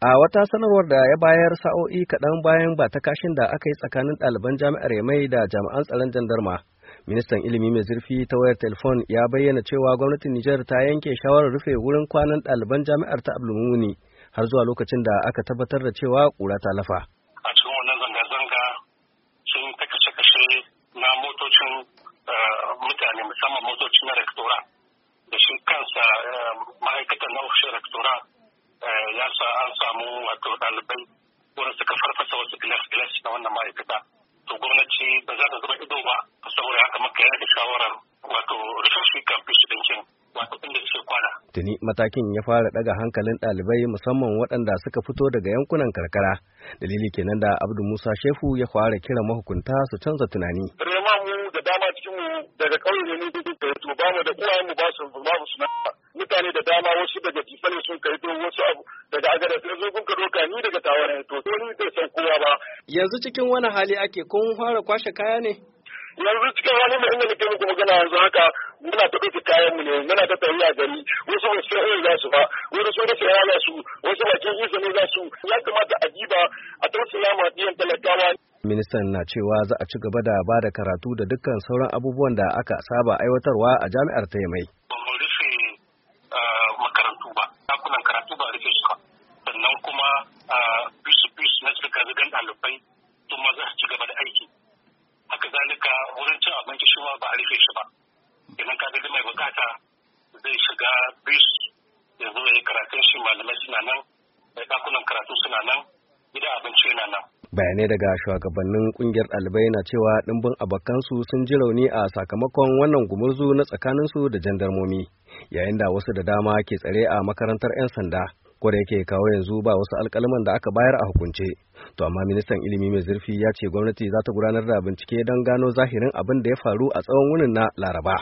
A wata sanarwar da ya bayar sa'o'i kaɗan bayan ba ta kashin da aka yi tsakanin ɗaliban jami'ar Yamai da jami'an tsaron jandarma. Ministan ilimi mai zurfi ta wayar telefon ya bayyana cewa gwamnatin Nijar ta yanke shawarar rufe wurin kwanan ɗaliban jami'ar ta Abdulmumuni har zuwa lokacin da aka tabbatar da cewa ƙura ta lafa. A cikin wannan zanga-zanga sun ta kashe na motocin eh, mutane musamman motocin rektora da shi kansa eh, ma'aikatan na ofishin rektora Eh, ya sa an samu wato ɗalibai wanda suka farfasa wasu gilas-gilas na wannan ma'aikata to gwamnati ba za ta zuba ido ba saboda haka maka yana da shawarar wato rufe shi kamfi shi ɗinkin wato kwana. Tuni matakin ya fara daga hankalin ɗalibai musamman waɗanda suka fito daga yankunan karkara. Dalili kenan da Abdu Musa Shehu ya fara kira mahukunta su canza tunani. Rema mu da dama cikin mu daga ƙauye ne da duka ba mu da uwayen mu ba su ba su mutane da dama wasu daga jifane sun kai to wasu abu daga agada sun zo kun ka doka ni daga tawaran to ni bai san kowa ba. Yanzu cikin wani hali ake kun fara kwashe kaya ne? yanzu cikin halin da inda nake muku magana yanzu haka muna ta ɗauki kayan mu ne muna ta tafiya gari wasu ba su sai za su ba wasu sun rasa yaya su wasu ba kin isa ne za su ya kamata a jiba a tausaya ma ɗiyan talakawa. Ministan na cewa za a ci gaba da ba da karatu da dukkan sauran abubuwan da aka saba aiwatarwa a jami'ar ta mai. ga wurin cin abinci shi ba a rufe shi ba idan ka ga mai bukata zai shiga bis ya zo ya karatun shi malamai suna nan da dakunan karatu suna nan gidan abinci yana nan bayanai daga shugabannin kungiyar ɗalibai na cewa ɗimbin abokansu sun ji rauni a sakamakon wannan gumurzu na tsakaninsu da jandarmomi yayin da wasu da dama ke tsare a makarantar 'yan sanda ko da yake kawo yanzu ba wasu alkalaman da aka bayar a hukunce to amma ministan ilimi mai zurfi ya ce gwamnati za ta gudanar da bincike don gano zahirin abin da ya faru a tsawon wunin na laraba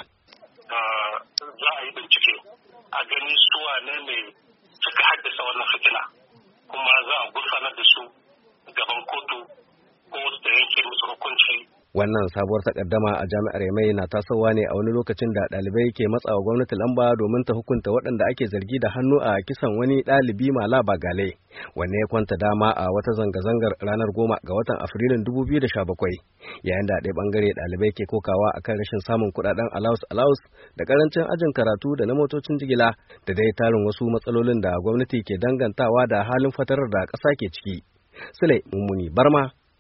wannan sabuwar takaddama a jami'ar yamai na tasowa ne a wani lokacin da ɗalibai ke matsawa gwamnati lamba domin ta hukunta waɗanda ake zargi da hannu a kisan wani ɗalibi mala bagale wanne ya kwanta dama a wata zanga-zangar ranar goma ga watan afrilun 2017 yayin da ɗaya ɓangare ɗalibai ke kokawa a kan rashin samun kuɗaɗen alaus alaus da karancin ajin karatu da na motocin jigila da dai tarin wasu matsalolin da gwamnati ke dangantawa da halin fatarar da ƙasa ke ciki sule mummuni barma